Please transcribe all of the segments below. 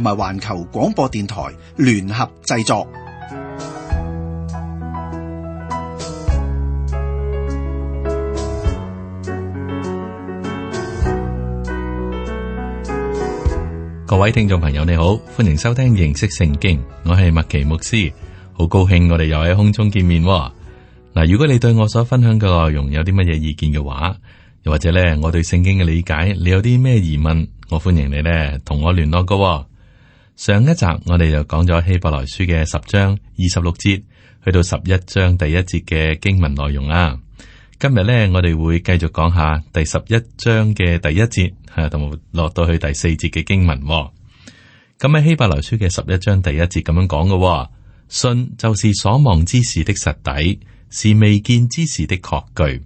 同埋環球廣播電台聯合製作。各位聽眾朋友，你好，歡迎收聽認識聖經。我係麥奇牧師，好高興我哋又喺空中見面。嗱，如果你對我所分享嘅內容有啲乜嘢意見嘅話，又或者咧我對聖經嘅理解，你有啲咩疑問，我歡迎你咧同我聯絡噶。上一集我哋就講咗希伯來書嘅十章二十六節去到十一章第一節嘅經文內容啦。今日呢，我哋會繼續講下第十一章嘅第一節吓，同、啊、落到去第四節嘅經文、哦。咁、嗯、喺希伯來書嘅十一章第一節咁樣講嘅，信就是所望之事的實底，是未見之事的確據。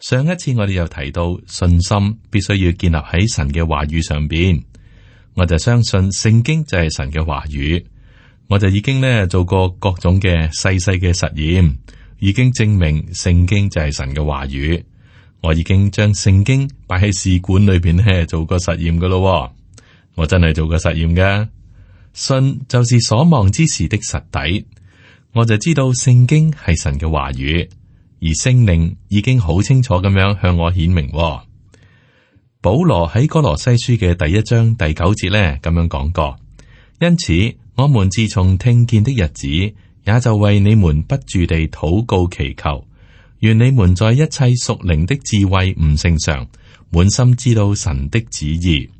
上一次我哋又提到信心必須要建立喺神嘅話語上邊。我就相信聖經就係神嘅話語，我就已經呢，做過各種嘅細細嘅實驗，已經證明聖經就係神嘅話語。我已經將聖經擺喺試管裏邊咧做過實驗噶咯，我真係做過實驗噶。信就是所望之事的實底，我就知道聖經係神嘅話語，而聖靈已經好清楚咁樣向我顯明。保羅喺哥羅西書嘅第一章第九節呢，咁樣講過，因此我們自從聽見的日子，也就為你們不住地禱告祈求，願你們在一切屬靈的智慧悟性上，滿心知道神的旨意。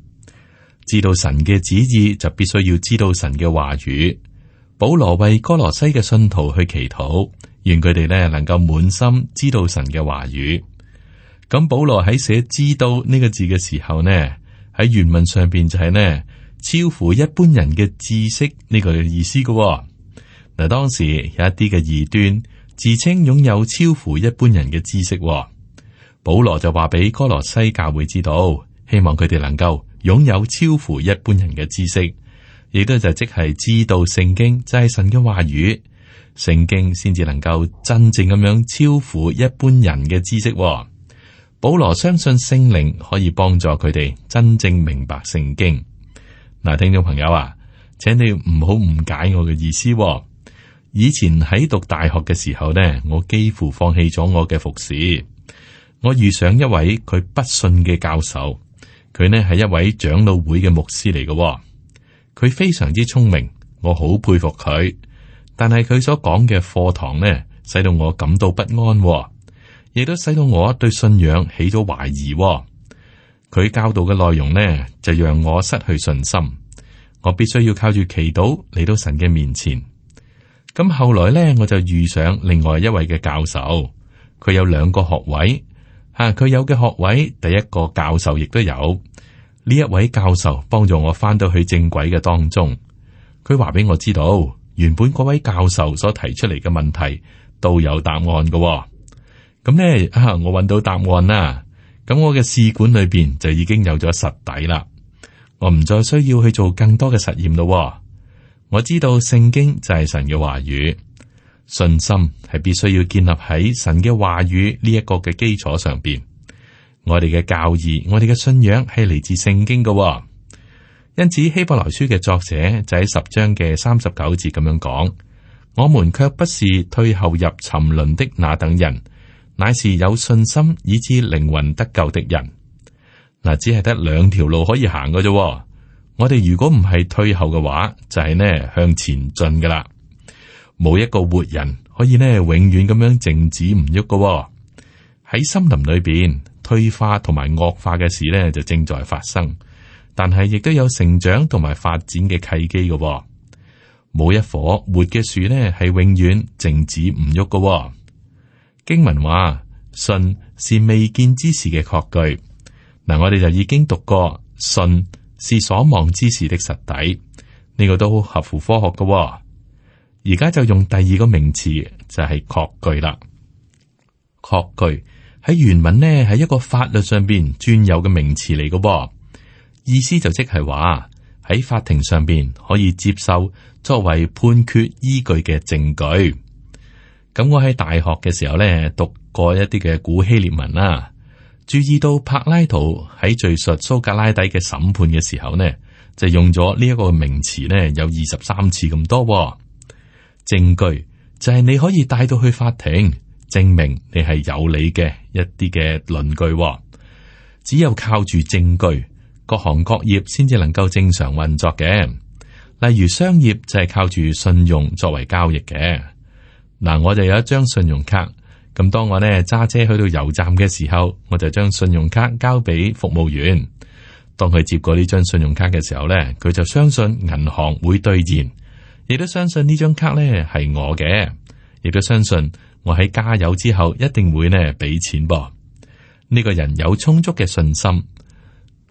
知道神嘅旨意就必須要知道神嘅話語。保羅為哥羅西嘅信徒去祈禱，願佢哋呢，能夠滿心知道神嘅話語。咁保羅喺寫知道呢、這個字嘅時候呢，喺原文上邊就係呢，超乎一般人嘅知識呢、這個意思嘅嗱、哦。當時有一啲嘅異端自稱擁有超乎一般人嘅知識、哦，保羅就話俾哥羅西教會知道，希望佢哋能夠擁有超乎一般人嘅知識，亦都就即係知道聖經就係、是、神嘅話語，聖經先至能夠真正咁樣超乎一般人嘅知識、哦。保羅相信聖靈可以幫助佢哋真正明白聖經。嗱，聽眾朋友啊，請你唔好誤解我嘅意思喎。以前喺讀大學嘅時候呢，我幾乎放棄咗我嘅服侍。我遇上一位佢不信嘅教授，佢呢係一位長老會嘅牧師嚟嘅喎。佢非常之聰明，我好佩服佢。但係佢所講嘅課堂呢，使到我感到不安喎。亦都使到我對信仰起咗懷疑、哦，佢教導嘅內容呢，就讓我失去信心。我必須要靠住祈禱嚟到神嘅面前。咁、嗯、後來呢，我就遇上另外一位嘅教授，佢有兩個學位，吓、啊、佢有嘅學位，第一個教授亦都有。呢一位教授幫助我返到去正軌嘅當中。佢話俾我知道，原本嗰位教授所提出嚟嘅問題都有答案㗎、哦。咁呢，啊！我揾到答案啦。咁我嘅試管裏邊就已經有咗實底啦。我唔再需要去做更多嘅實驗咯、哦。我知道聖經就係神嘅話語，信心係必須要建立喺神嘅話語呢一個嘅基礎上邊。我哋嘅教義、我哋嘅信仰係嚟自聖經噶、哦。因此，希伯來書嘅作者就喺十章嘅三十九字咁樣講：我們卻不是退後入沉淪的那等人。乃是有信心以致靈魂得救的人，嗱，只係得兩條路可以行嘅啫。我哋如果唔係退後嘅話，就係呢向前進嘅啦。冇一個活人可以呢永遠咁樣靜止唔喐嘅。喺森林裏邊，退化同埋惡化嘅事呢就正在發生，但係亦都有成長同埋發展嘅契機嘅。冇一棵活嘅樹呢，係永遠靜止唔喐嘅。經文話，信是未見之時嘅確據，嗱，我哋就已經讀過，信是所望之時的實底，呢個都合乎科學嘅喎。而家就用第二個名詞，就係確據啦。確據喺原文呢係一個法律上邊專有嘅名詞嚟嘅喎，意思就即係話喺法庭上邊可以接受作為判決依據嘅證據。咁我喺大學嘅時候咧，讀過一啲嘅古希臘文啦、啊，注意到柏拉圖喺敘述蘇格拉底嘅審判嘅時候呢，就用咗呢一個名詞呢，有二十三次咁多、哦、證據，就係你可以帶到去法庭證明你係有理嘅一啲嘅論據。只有靠住證據，各行各業先至能夠正常運作嘅。例如商業就係靠住信用作為交易嘅。嗱，我就有一張信用卡。咁當我呢揸車去到油站嘅時候，我就將信用卡交俾服務員。當佢接過呢張信用卡嘅時候呢，佢就相信銀行會兌現，亦都相信呢張卡呢係我嘅，亦都相信我喺加油之後一定會呢俾錢。噃，呢個人有充足嘅信心，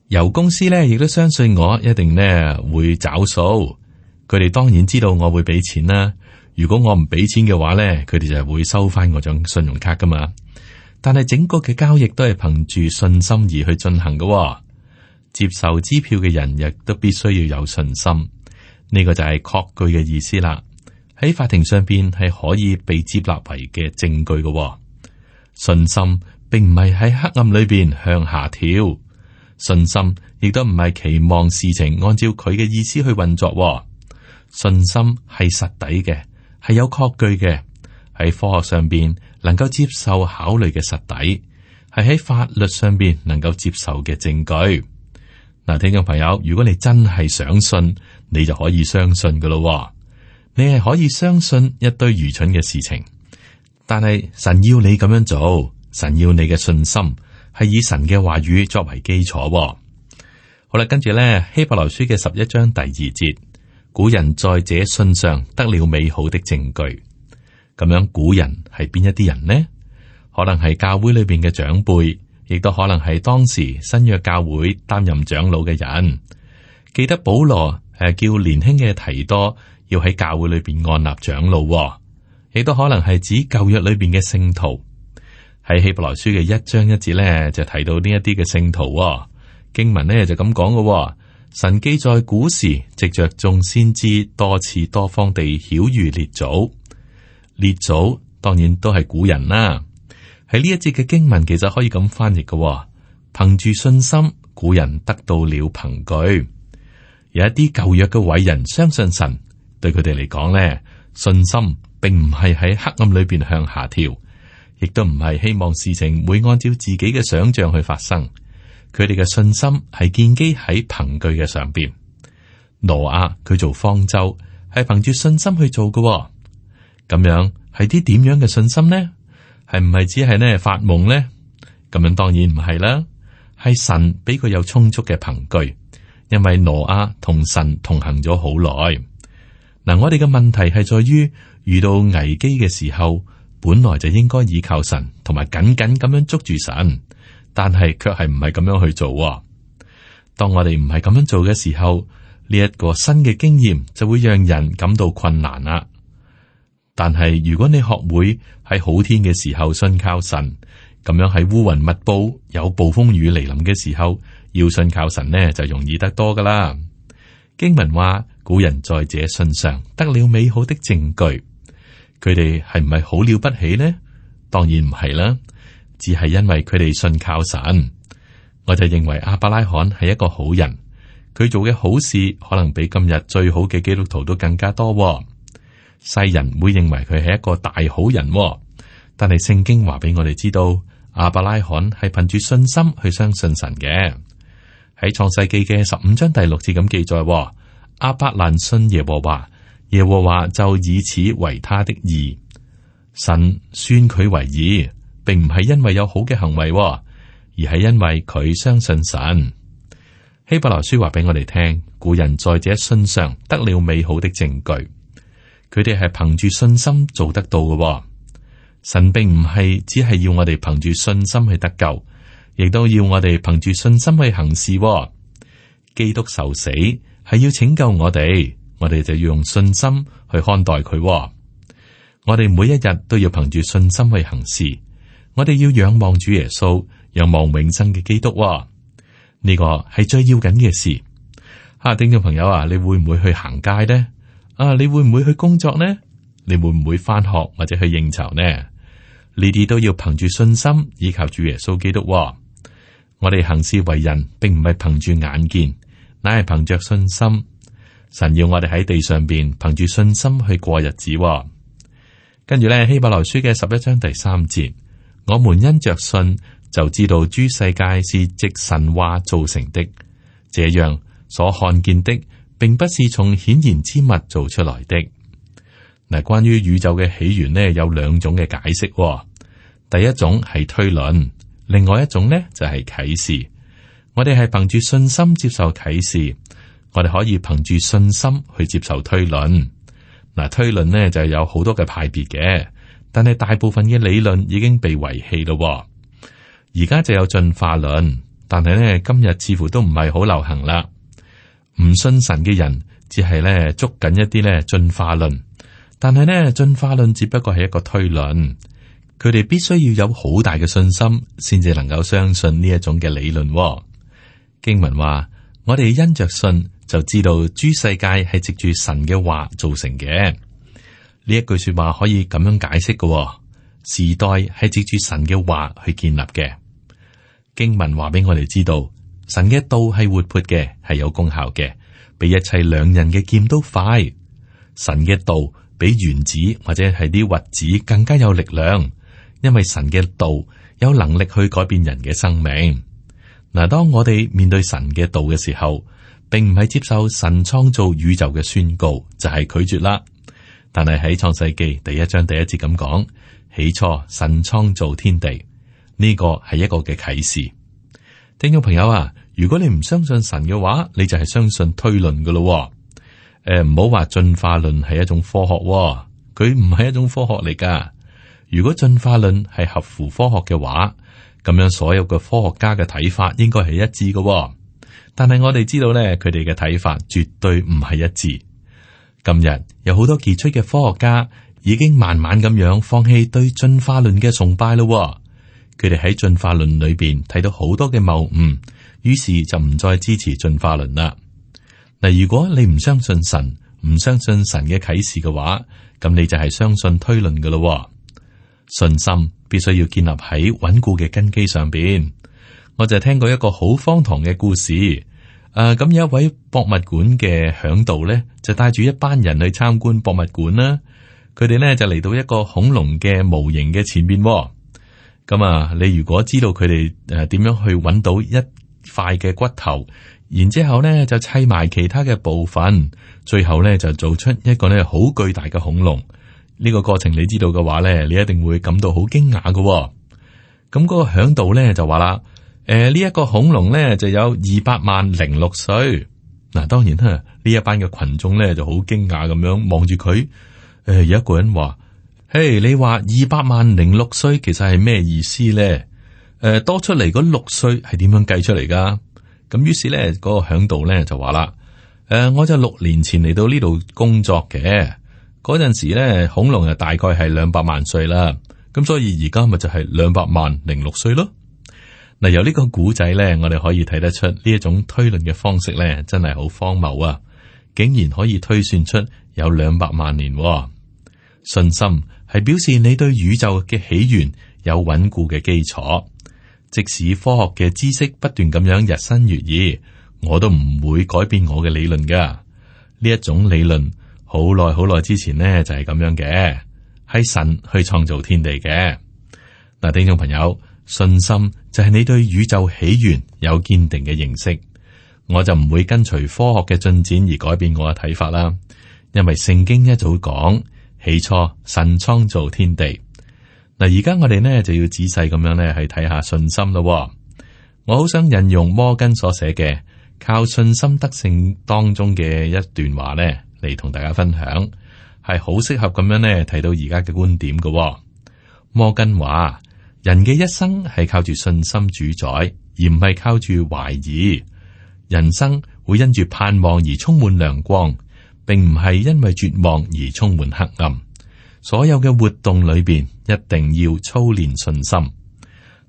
油公司呢亦都相信我一定呢會找數。佢哋當然知道我會俾錢啦。如果我唔俾錢嘅話咧，佢哋就係會收翻嗰種信用卡噶嘛。但係整個嘅交易都係憑住信心而去進行嘅，哦。接受支票嘅人亦都必須要有信心。呢個就係確據嘅意思啦。喺法庭上邊係可以被接納為嘅證據嘅，哦。信心並唔係喺黑暗裏邊向下跳。信心亦都唔係期望事情按照佢嘅意思去運作，哦。信心係實底嘅。係有確據嘅，喺科學上邊能夠接受考慮嘅實底，係喺法律上邊能夠接受嘅證據。嗱，聽眾朋友，如果你真係想信，你就可以相信噶啦。你係可以相信一堆愚蠢嘅事情，但係神要你咁樣做，神要你嘅信心係以神嘅話語作為基礎。好啦，跟住呢，希伯來書嘅十一章第二節。古人在這信上得了美好的證據，咁樣古人係邊一啲人呢？可能係教會裏邊嘅長輩，亦都可能係當時新約教會擔任長老嘅人。記得保羅誒叫年輕嘅提多要喺教會裏邊按立長老，哦，亦都可能係指舊約裏邊嘅聖徒。喺希伯來書嘅一章一節咧就提到呢一啲嘅聖徒，哦。經文咧就咁講嘅。神記在古時，藉着眾先知多次多方地曉諭列祖。列祖當然都係古人啦。喺呢一節嘅經文，其實可以咁翻譯嘅、哦：憑住信心，古人得到了憑據。有一啲舊約嘅偉人，相信神，對佢哋嚟講呢，信心並唔係喺黑暗裏邊向下跳，亦都唔係希望事情會按照自己嘅想象去發生。佢哋嘅信心係建基喺憑據嘅上邊。挪亞佢做方舟係憑住信心去做嘅，哦，咁樣係啲點樣嘅信心呢？係唔係只係呢發夢呢？咁樣當然唔係啦，係神俾佢有充足嘅憑據，因為挪亞同神同行咗好耐。嗱，我哋嘅問題係在於遇到危機嘅時候，本來就應該依靠神，同埋緊緊咁樣捉住神。但係卻係唔係咁樣去做、哦。當我哋唔係咁樣做嘅時候，呢、這、一個新嘅經驗就會讓人感到困難啦。但係如果你學會喺好天嘅時候信靠神，咁樣喺烏雲密布、有暴風雨嚟臨嘅時候要信靠神呢，就容易得多噶啦。經文話，古人在這信上得了美好的證據，佢哋係唔係好了不起呢？當然唔係啦。只係因為佢哋信靠神，我就認為亞伯拉罕係一個好人。佢做嘅好事可能比今日最好嘅基督徒都更加多、哦。世人會認為佢係一個大好人、哦，但係聖經話俾我哋知道，亞伯拉罕係憑住信心去相信神嘅。喺創世記嘅十五章第六節咁記載、哦，亞伯蘭信耶和華，耶和華就以此為他的義，神宣佢為義。並唔係因為有好嘅行為，而係因為佢相信神。希伯來書話俾我哋聽，古人在這一信上得了美好的證據。佢哋係憑住信心做得到嘅。神並唔係只係要我哋憑住信心去得救，亦都要我哋憑住信心去行事。基督受死係要拯救我哋，我哋就要用信心去看待佢。我哋每一日都要憑住信心去行事。我哋要仰望主耶穌，仰望永生嘅基督、哦。呢個係最要緊嘅事。吓聽眾朋友啊，你會唔會去行街呢？啊，你會唔會去工作呢？你會唔會翻學或者去應酬呢？你哋都要憑住信心，依靠主耶穌基督。我哋行事為人，並唔係憑住眼見，乃係憑着信心。神要我哋喺地上邊憑住信心去過日子、哦。跟住咧，希伯來書嘅十一章第三節。我們因着信，就知道諸世界是藉神話造成的，這樣所看見的，並不是從顯然之物做出來的。嗱，關於宇宙嘅起源呢，有兩種嘅解釋。第一種係推論，另外一種呢，就係啟示。我哋係憑住信心接受啟示，我哋可以憑住信心去接受推論。嗱，推論呢，就有好多嘅派別嘅。但係大部分嘅理論已經被遺棄咯，而家就有進化論，但係咧今日似乎都唔係好流行啦。唔信神嘅人只係咧捉緊一啲咧進化論，但係咧進化論只不過係一個推論，佢哋必須要有好大嘅信心，先至能夠相信呢一種嘅理論喎。經文話：我哋因着信，就知道諸世界係藉住神嘅話造成嘅。呢一句說話可以咁樣解釋嘅、哦，時代係藉住神嘅話去建立嘅。經文話俾我哋知道，神嘅道係活潑嘅，係有功效嘅，比一切兩人嘅劍都快。神嘅道比原子或者係啲核子更加有力量，因為神嘅道有能力去改變人嘅生命。嗱，當我哋面對神嘅道嘅時候，並唔係接受神創造宇宙嘅宣告，就係、是、拒絕啦。但係喺創世記第一章第一節咁講，起初神創造天地，呢個係一個嘅啟示。聽眾朋友啊，如果你唔相信神嘅話，你就係相信推論噶咯。誒、呃，唔好話進化論係一種科學、哦，佢唔係一種科學嚟噶如果進化論係合乎科學嘅話，咁樣所有嘅科學家嘅睇法，應該係一致噶、哦。但係我哋知道咧，佢哋嘅睇法絕對唔係一致。今日有好多傑出嘅科學家已經慢慢咁樣放棄對進化論嘅崇拜咯。哦，佢哋喺進化論裏邊睇到好多嘅謬誤，於是就唔再支持進化論啦。嗱，如果你唔相信神，唔相信神嘅啟示嘅話，咁你就係相信推論㗎咯。信心必須要建立喺穩固嘅根基上邊。我就聽過一個好荒唐嘅故事。誒，咁有、啊、一位博物館嘅嚮導咧，就帶住一班人去參觀博物館啦。佢哋咧就嚟到一個恐龍嘅模型嘅前面。咁、哦、啊、嗯，你如果知道佢哋誒點樣去揾到一塊嘅骨頭，然之後咧就砌埋其他嘅部分，最後咧就做出一個咧好巨大嘅恐龍。呢、這個過程你知道嘅話咧，你一定會感到好驚訝嘅、哦。咁、嗯、嗰、那個嚮導咧就話啦。誒，呢一、呃這個恐龍咧就有二百萬零六歲。嗱，當然啦，呢一班嘅群眾咧就好驚訝咁樣望住佢。誒、呃，有一個人話，嘿、hey，你話二百萬零六歲，其實係咩意思咧？誒、呃，多出嚟嗰六歲係點樣計出嚟噶？咁於是咧，嗰、那個嚮導，咧就話啦，誒、呃，我就六年前嚟到呢度工作嘅，嗰陣時咧恐龍係大概係兩百萬歲啦。咁所以而家咪就係兩百萬零六歲咯。嗱，由呢個古仔咧，我哋可以睇得出呢一種推論嘅方式咧，真係好荒謬啊！竟然可以推算出有兩百萬年啊。信心係表示你對宇宙嘅起源有穩固嘅基礎，即使科學嘅知識不斷咁樣日新月異，我都唔會改變我嘅理論噶。呢一種理論好耐好耐之前呢，就係咁樣嘅，係神去創造天地嘅。嗱，聽眾朋友。信心就係你對宇宙起源有堅定嘅認識，我就唔會跟隨科學嘅進展而改變我嘅睇法啦。因為聖經一早講，起初神創造天地。嗱，而家我哋呢就要仔細咁樣呢去睇下信心咯。我好想引用摩根所寫嘅《靠信心得勝》當中嘅一段話呢，嚟同大家分享，係好適合咁樣呢提到而家嘅觀點嘅。摩根話。人嘅一生係靠住信心主宰，而唔係靠住懷疑。人生會因住盼望而充滿亮光，並唔係因為絕望而充滿黑暗。所有嘅活動裏邊，一定要操練信心。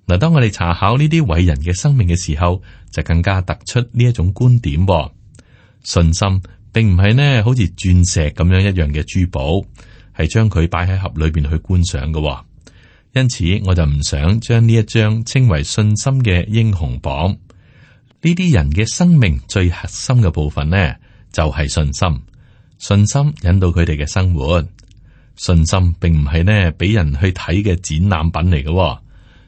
嗱，當我哋查考呢啲偉人嘅生命嘅時候，就更加突出呢一種觀點：信心並唔係呢好似鑽石咁樣一樣嘅珠寶，係將佢擺喺盒裏邊去觀賞嘅。因此，我就唔想將呢一章稱為信心嘅英雄榜。呢啲人嘅生命最核心嘅部分呢，就係信心。信心引導佢哋嘅生活。信心並唔係呢俾人去睇嘅展覽品嚟嘅。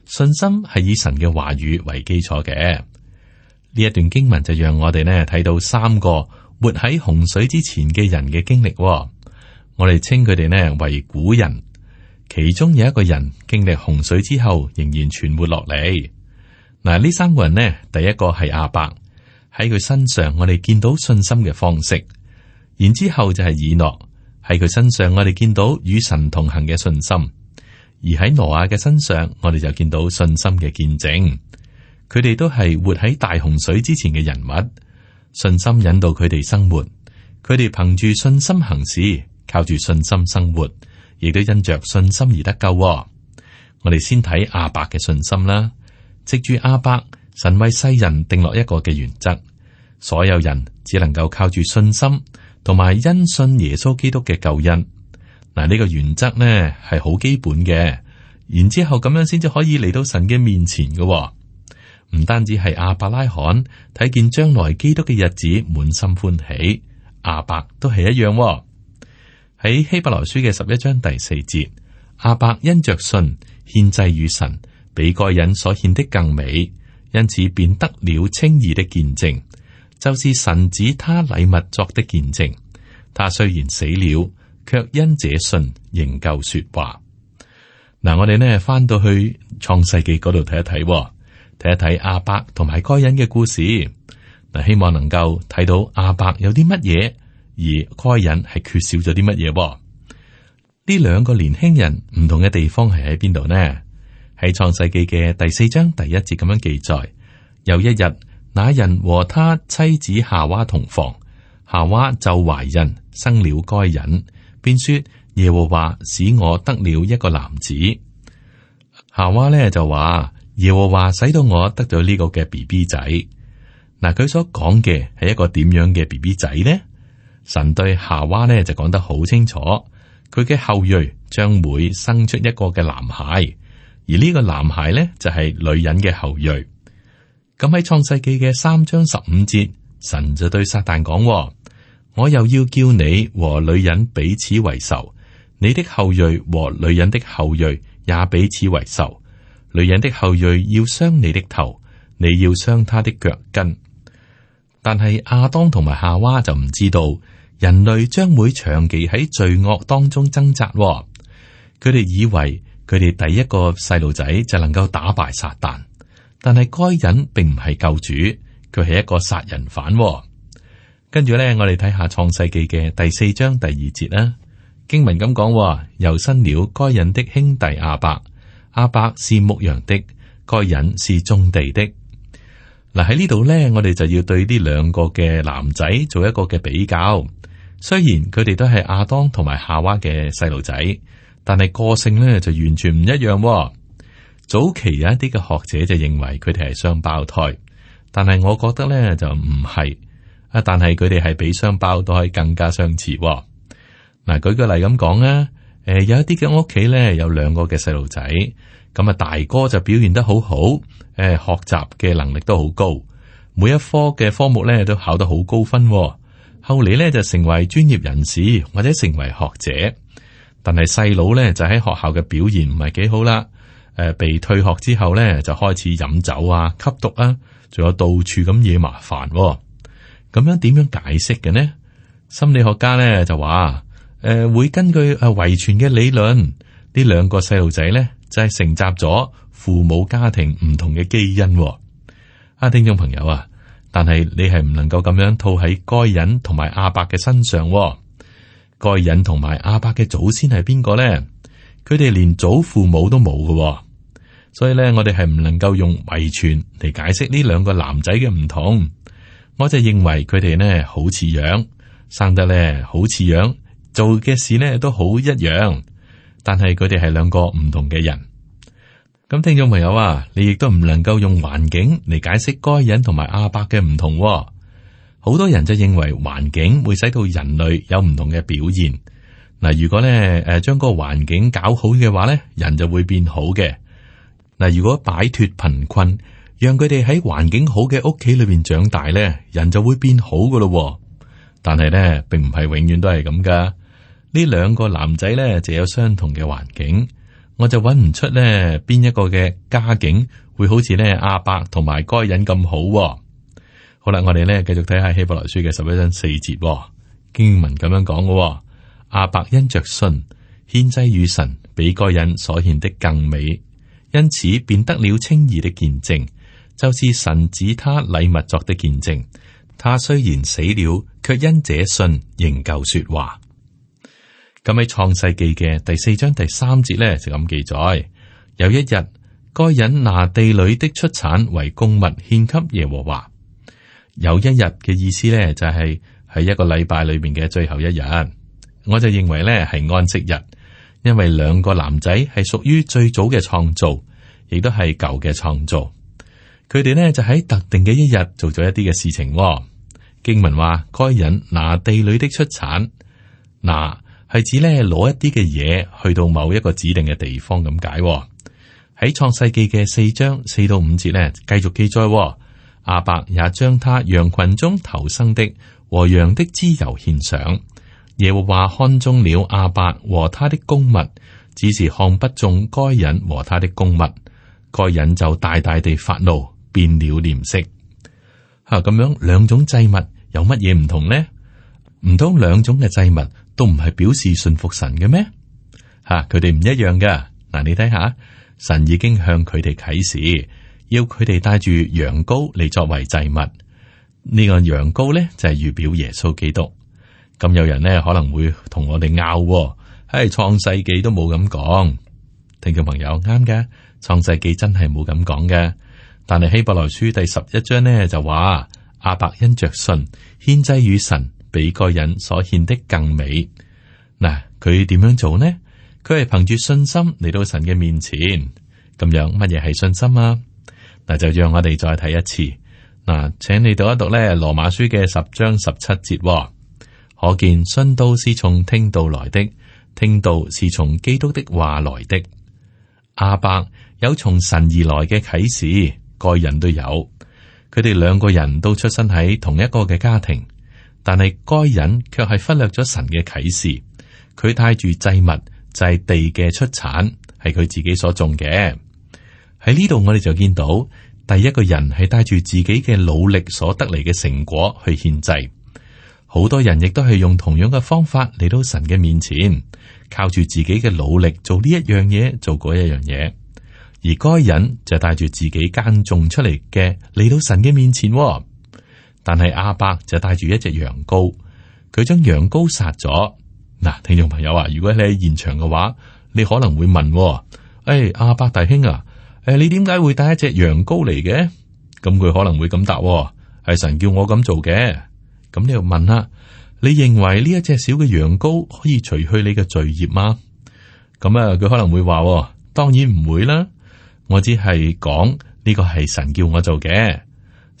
信心係以神嘅話語為基礎嘅。呢一段經文就讓我哋呢睇到三個活喺洪水之前嘅人嘅經歷。我哋稱佢哋呢為古人。其中有一個人經歷洪水之後仍然存活落嚟。嗱，呢三個人呢，第一個係亞伯，喺佢身上我哋見到信心嘅方式；然之後就係以諾，喺佢身上我哋見到與神同行嘅信心；而喺挪亞嘅身上，我哋就見到信心嘅見證。佢哋都係活喺大洪水之前嘅人物，信心引導佢哋生活，佢哋憑住信心行事，靠住信心生活。亦都因着信心而得救、哦。我哋先睇亞伯嘅信心啦。藉住亞伯，神為世人定落一個嘅原則，所有人只能夠靠住信心同埋因信耶穌基督嘅救恩。嗱，呢個原則呢係好基本嘅，然之後咁樣先至可以嚟到神嘅面前嘅、哦。唔單止係亞伯拉罕睇見將來基督嘅日子滿心歡喜，亞伯都係一樣、哦。喺希伯來書嘅十一章第四節，阿伯因着信獻祭與神，比該人所獻的更美，因此便得了稱義的見證，就是神指他禮物作的見證。他雖然死了，卻因這信仍舊說話。嗱、嗯，我哋呢翻到去創世紀嗰度睇一睇，睇一睇阿伯同埋該人嘅故事。嗱，希望能夠睇到阿伯有啲乜嘢。而該隱係缺少咗啲乜嘢？呢兩個年輕人唔同嘅地方係喺邊度呢？喺創世紀嘅第四章第一節咁樣記載：有一日，那人和他妻子夏娃同房，夏娃就懷孕，生了該隱，便說耶和華使我得了一個男子。夏娃呢就話耶和華使到我得咗呢個嘅 B B 仔。嗱、啊，佢所講嘅係一個點樣嘅 B B 仔呢？神對夏娃呢就講得好清楚，佢嘅後裔將會生出一個嘅男孩，而呢個男孩呢就係女人嘅後裔。咁喺創世紀嘅三章十五節，神就對撒旦講：我又要叫你和女人彼此為仇，你的後裔和女人的後裔也彼此為仇。女人的後裔要傷你的頭，你要傷她的腳跟。但係亞當同埋夏娃就唔知道。人類將會長期喺罪惡當中掙扎、哦。佢哋以為佢哋第一個細路仔就能夠打敗撒旦，但係該人並唔係救主，佢係一個殺人犯、哦。跟住呢，我哋睇下創世紀嘅第四章第二節啦。經文咁講，又生了該人的兄弟阿伯，阿伯是牧羊的，該人是種地的。嗱，喺呢度呢，我哋就要對呢兩個嘅男仔做一個嘅比較。雖然佢哋都係亞當同埋夏娃嘅細路仔，但係個性呢就完全唔一樣喎。早期有一啲嘅學者就認為佢哋係雙胞胎，但係我覺得呢就唔係。啊，但係佢哋係比雙胞胎更加相似喎。嗱，啊，舉個例咁講啊，誒，有一啲嘅屋企呢有兩個嘅細路仔，咁啊大哥就表現得好好，誒，學習嘅能力都好高，每一科嘅科目呢都考得好高分喎。後嚟咧就成為專業人士或者成為學者，但係細佬咧就喺學校嘅表現唔係幾好啦，誒、呃，被退學之後咧就開始飲酒啊、吸毒啊，仲有到處咁惹麻煩，哦。咁樣點樣解釋嘅呢？心理學家咧就話，誒、呃，會根據誒遺傳嘅理論，兩呢兩個細路仔咧就係承襲咗父母家庭唔同嘅基因，哦。啊，聽眾朋友啊！但係你係唔能夠咁樣套喺該隱同埋阿伯嘅身上，哦。該隱同埋阿伯嘅祖先係邊個咧？佢哋連祖父母都冇嘅，哦，所以咧我哋係唔能夠用遺傳嚟解釋呢兩個男仔嘅唔同。我就認為佢哋咧好似樣，生得咧好似樣，做嘅事咧都好一樣，但係佢哋係兩個唔同嘅人。咁聽眾朋友啊，你亦都唔能夠用環境嚟解釋該人同埋阿伯嘅唔同喎。好多人就認為環境會使到人類有唔同嘅表現。嗱，如果咧誒將個環境搞好嘅話咧，人就會變好嘅。嗱，如果擺脫貧困，讓佢哋喺環境好嘅屋企裏邊長大咧，人就會變好噶咯。但係咧，並唔係永遠都係咁噶。呢兩個男仔咧就有相同嘅環境。我就揾唔出呢邊一個嘅家境會好似呢亞伯同埋該人咁好，哦。好啦，我哋呢繼續睇下希伯來書嘅十一章四節、哦、經文咁樣講嘅、哦。亞伯因着信，獻祭與神比該人所獻的更美，因此便得了稱義的見證，就是神指他禮物作的見證。他雖然死了，卻因這信仍舊說話。咁喺創世記嘅第四章第三節咧，就咁記載。有一日，該人拿地裏的出產為供物獻給耶和華。有一日嘅意思咧，就係、是、喺一個禮拜裏邊嘅最後一日。我就認為咧係安息日，因為兩個男仔係屬於最早嘅創造，亦都係舊嘅創造。佢哋呢，就喺特定嘅一日做咗一啲嘅事情、哦、經文話，該人拿地裏的出產拿。係指咧攞一啲嘅嘢去到某一個指定嘅地方咁解喎。喺創世紀嘅四章四到五節咧，繼續記載、哦、阿伯也將他羊群中頭生的和羊的脂油獻上。耶和華看中了阿伯和他的公物，只是看不中該人和他的公物。該人就大大地發怒，變了臉色。吓、啊、咁樣兩種祭物有乜嘢唔同呢？唔通兩種嘅祭物都唔係表示信服神嘅咩？吓、啊，佢哋唔一樣嘅。嗱、啊，你睇下，神已經向佢哋啟示，要佢哋帶住羊羔嚟作為祭物。呢、這個羊羔咧就係、是、預表耶穌基督。咁有人咧可能會同我哋拗、啊，唉、哎、創世紀都冇咁講。聽眾朋友啱嘅，創世紀真係冇咁講嘅。但係希伯來書第十一章咧就話亞伯因著信，獻祭與神。比個人所獻的更美。嗱、啊，佢點樣做呢？佢係憑住信心嚟到神嘅面前。咁樣乜嘢係信心啊？嗱、啊，就讓我哋再睇一次。嗱、啊，請你讀一讀咧《羅馬書》嘅十章十七節、哦。可見信道是從聽道來的，聽道是從基督的話來的。阿伯有從神而來嘅啟示，個人都有。佢哋兩個人都出生喺同一個嘅家庭。但係該人卻係忽略咗神嘅啟示，佢帶住祭物祭地嘅出產，係佢自己所種嘅。喺呢度我哋就見到，第一個人係帶住自己嘅努力所得嚟嘅成果去獻祭。好多人亦都係用同樣嘅方法嚟到神嘅面前，靠住自己嘅努力做呢一樣嘢，做嗰一樣嘢。而該人就帶住自己耕種出嚟嘅嚟到神嘅面前，哦。但係阿伯就帶住一隻羊羔，佢將羊羔殺咗。嗱，聽眾朋友啊，如果你喺現場嘅話，你可能會問：誒、欸，阿伯大兄啊，誒、欸，你點解會帶一隻羊羔嚟嘅？咁佢可能會咁答：係神叫我咁做嘅。咁你又問啦，你認為呢一隻小嘅羊羔可以除去你嘅罪孽嗎？咁啊，佢可能會話：當然唔會啦。我只係講呢個係神叫我做嘅。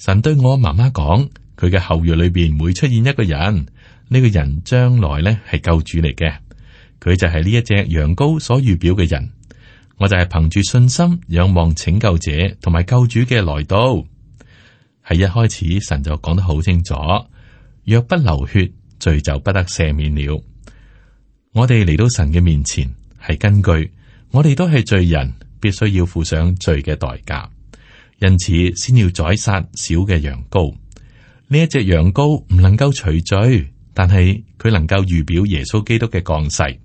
神對我媽媽講，佢嘅後裔裏邊會出現一個人，呢、呢個人將來呢係救主嚟嘅，佢就係呢一隻羊羔所預表嘅人。我就係憑住信心仰望拯救者同埋救主嘅來到。喺一開始，神就講得好清楚，若不流血，罪就不得赦免了。我哋嚟到神嘅面前，係根據我哋都係罪人，必須要付上罪嘅代價。因此，先要宰殺小嘅羊羔。呢一隻羊羔唔能夠除罪，但係佢能夠預表耶穌基督嘅降世。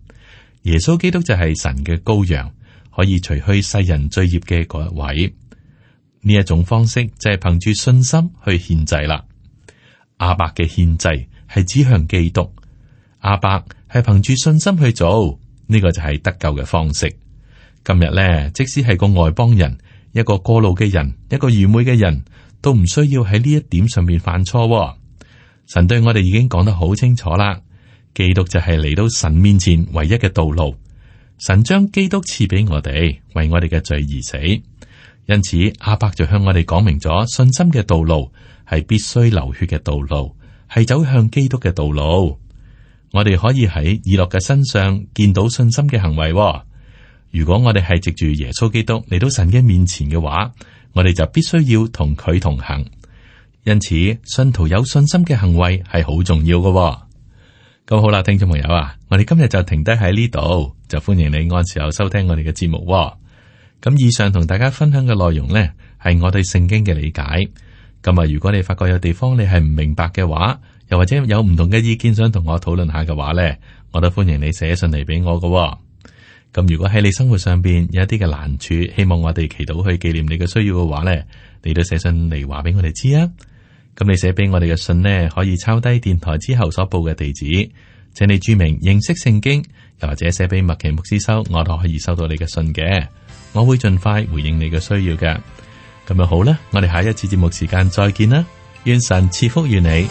耶穌基督就係神嘅羔羊，可以除去世人罪孽嘅嗰一位。呢一種方式就係憑住信心去獻祭啦。亞伯嘅獻祭係指向基督，亞伯係憑住信心去做，呢、這個就係得救嘅方式。今日咧，即使係個外邦人。一個過路嘅人，一個愚昧嘅人都唔需要喺呢一點上面犯錯，哦。神對我哋已經講得好清楚啦，基督就係嚟到神面前唯一嘅道路。神將基督賜俾我哋，為我哋嘅罪而死。因此，亞伯就向我哋講明咗，信心嘅道路係必須流血嘅道路，係走向基督嘅道路。我哋可以喺以諾嘅身上見到信心嘅行為，哦。如果我哋係藉住耶穌基督嚟到神嘅面前嘅話，我哋就必須要同佢同行。因此，信徒有信心嘅行為係好重要嘅喎。咁好啦，聽眾朋友啊，我哋今日就停低喺呢度，就歡迎你按時候收聽我哋嘅節目喎。咁以上同大家分享嘅內容呢，係我對聖經嘅理解。咁啊，如果你發覺有地方你係唔明白嘅話，又或者有唔同嘅意見想同我討論下嘅話呢，我都歡迎你寫信嚟俾我嘅喎。咁如果喺你生活上邊有一啲嘅難處，希望我哋祈禱去紀念你嘅需要嘅話呢，你都寫信嚟，話俾我哋知啊。咁你寫俾我哋嘅信呢，可以抄低電台之後所報嘅地址，請你注明認識聖經，又或者寫俾麥奇牧師收，我都可以收到你嘅信嘅。我會盡快回應你嘅需要嘅。咁咪好啦，我哋下一次節目時間再見啦，願神賜福於你。